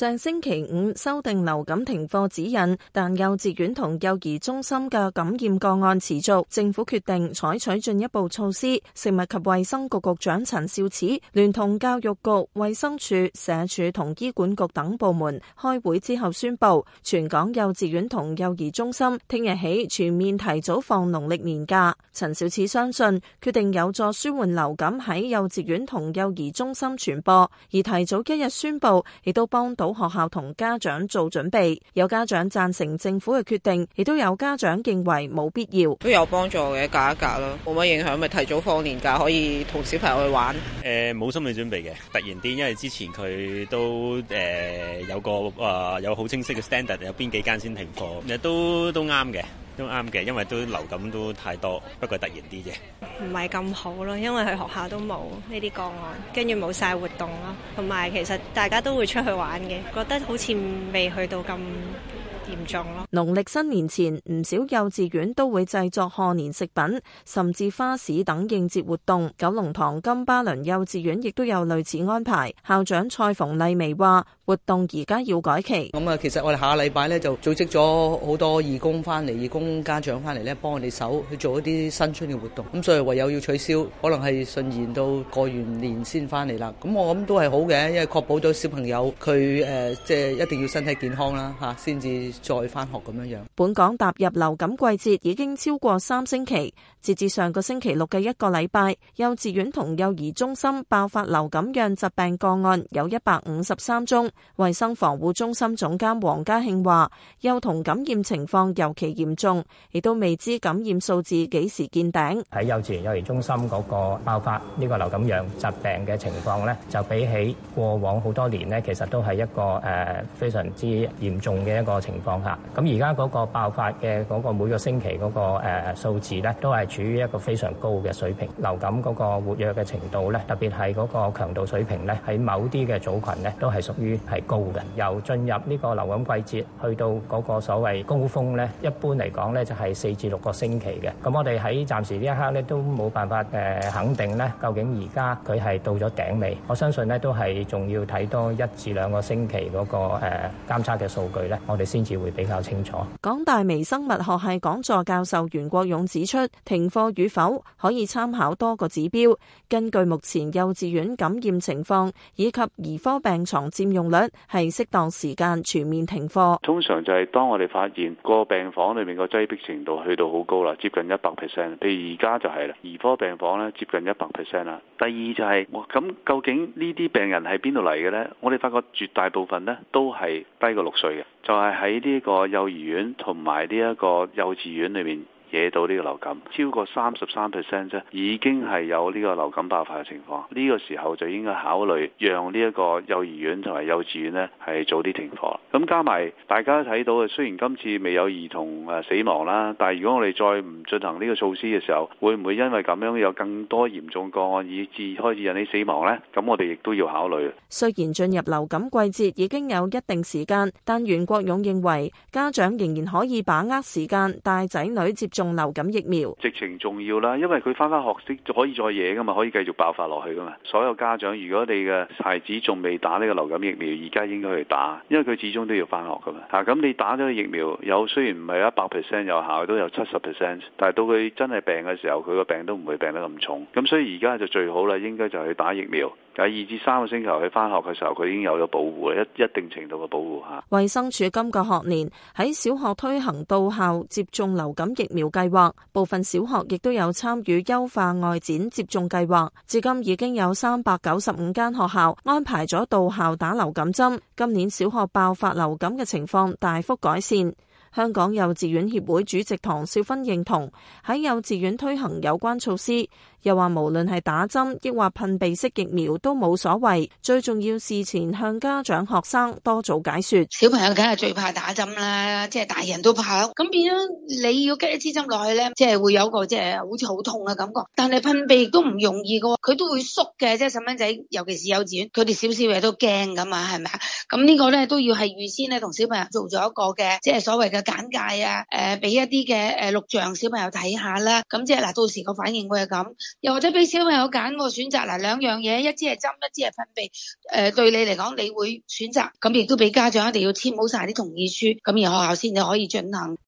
上星期五修訂流感停課指引，但幼稚園同幼兒中心嘅感染個案持續，政府決定採取進一步措施。食物及衛生局局長陳肇始聯同教育局、衛生署、社署同醫管局等部門開會之後宣布，全港幼稚園同幼兒中心聽日起全面提早放農曆年假。陳肇始相信決定有助舒緩流感喺幼稚園同幼兒中心傳播，而提早一日宣布亦都幫到學校同家長做準備，有家長贊成政府嘅決定，亦都有家長認為冇必要。都有幫助嘅，隔一隔啦，冇乜影響咪提早放年假，可以同小朋友去玩。誒、呃，冇心理準備嘅，突然啲，因為之前佢都誒、呃、有個啊、呃、有好清晰嘅 standard，有邊幾間先停課，其實都都啱嘅。都啱嘅，因為都流感都太多，不過突然啲啫，唔係咁好咯。因為佢學校都冇呢啲個案，跟住冇晒活動咯，同埋其實大家都會出去玩嘅，覺得好似未去到咁嚴重咯。農曆新年前，唔少幼稚園都會製作賀年食品、甚至花市等應節活動。九龍塘金巴倫幼稚園亦都有類似安排。校長蔡馮麗薇話。活動而家要改期咁啊！其實我哋下個禮拜咧，就組織咗好多義工翻嚟，義工家長翻嚟咧，幫我哋手去做一啲新春嘅活動。咁所以唯有要取消，可能係順延到過完年先翻嚟啦。咁我諗都係好嘅，因為確保咗小朋友佢誒，即係一定要身體健康啦吓，先至再翻學咁樣樣。本港踏入流感季節已經超過三星期，截至上個星期六嘅一個禮拜，幼稚園同幼兒中心爆發流感樣疾病個案有一百五十三宗。衞生防護中心總監黃家慶話,係高嘅，由進入呢個流感季節去到嗰個所謂高峰咧，一般嚟講咧就係四至六個星期嘅。咁我哋喺暫時呢一刻咧都冇辦法誒肯定咧，究竟而家佢係到咗頂未，我相信咧都係仲要睇多一至兩個星期嗰個誒監測嘅數據咧，我哋先至會比較清楚。港大微生物學系講座教授袁國勇指出，停課與否可以參考多個指標，根據目前幼稚園感染情況以及兒科病床佔用。率係適當時間全面停課，通常就係當我哋發現個病房裏面個擠迫程度去到好高啦，接近一百 percent。譬如而家就係啦，兒科病房咧接近一百 percent 啦。第二就係、是，咁究竟呢啲病人喺邊度嚟嘅呢？我哋發覺絕大部分呢都係低過六歲嘅，就係喺呢個幼兒園同埋呢一個幼稚園裏面。惹到呢個流感，超過三十三 percent 啫，已經係有呢個流感爆發嘅情況。呢個時候就應該考慮讓呢一個幼兒園同埋幼稚園呢係早啲停課。咁加埋大家睇到，雖然今次未有兒童誒死亡啦，但係如果我哋再唔進行呢個措施嘅時候，會唔會因為咁樣有更多嚴重個案，以至開始引起死亡呢？咁我哋亦都要考慮。雖然進入流感季節已經有一定時間，但袁國勇認為家長仍然可以把握時間帶仔女接仲流感疫苗，直情重要啦，因為佢翻翻學識可以再嘢噶嘛，可以繼續爆發落去噶嘛。所有家長，如果你嘅孩子仲未打呢個流感疫苗，而家應該去打，因為佢始終都要翻學噶嘛。啊，咁你打咗疫苗有，雖然唔係一百 percent 有效，都有七十 percent，但係到佢真係病嘅時候，佢個病都唔會病得咁重。咁所以而家就最好啦，應該就去打疫苗。喺二至三個星期去佢翻學嘅時候，佢已經有咗保護，一一定程度嘅保護下。衞生署今個學年喺小學推行到校接種流感疫苗計劃，部分小學亦都有參與優化外展接種計劃。至今已經有三百九十五間學校安排咗到校打流感針。今年小學爆發流感嘅情況大幅改善。香港幼稚園協會主席唐少芬認同喺幼稚園推行有關措施，又話無論係打針抑或噴鼻式疫苗都冇所謂，最重要事前向家長、學生多做解說。小朋友梗係最怕打針啦，即係大人都怕，咁變咗你要拮一支針落去咧，即係會有個即係好似好痛嘅感覺。但係噴鼻都唔容易噶，佢都會縮嘅，即係細蚊仔，尤其是幼稚園，佢哋少少嘢都驚噶嘛，係咪啊？咁呢個咧都要係預先咧同小朋友做咗一個嘅，即係所謂嘅。簡介啊，誒、呃，俾一啲嘅誒錄像小朋友睇下啦。咁即係嗱，到時個反應會係咁，又或者俾小朋友揀個選擇嗱，兩、啊、樣嘢，一支係針，一支係分泌。誒、呃，對你嚟講，你會選擇咁，亦都俾家長一定要簽好晒啲同意書，咁而學校先至可以進行。